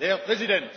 herr präsident!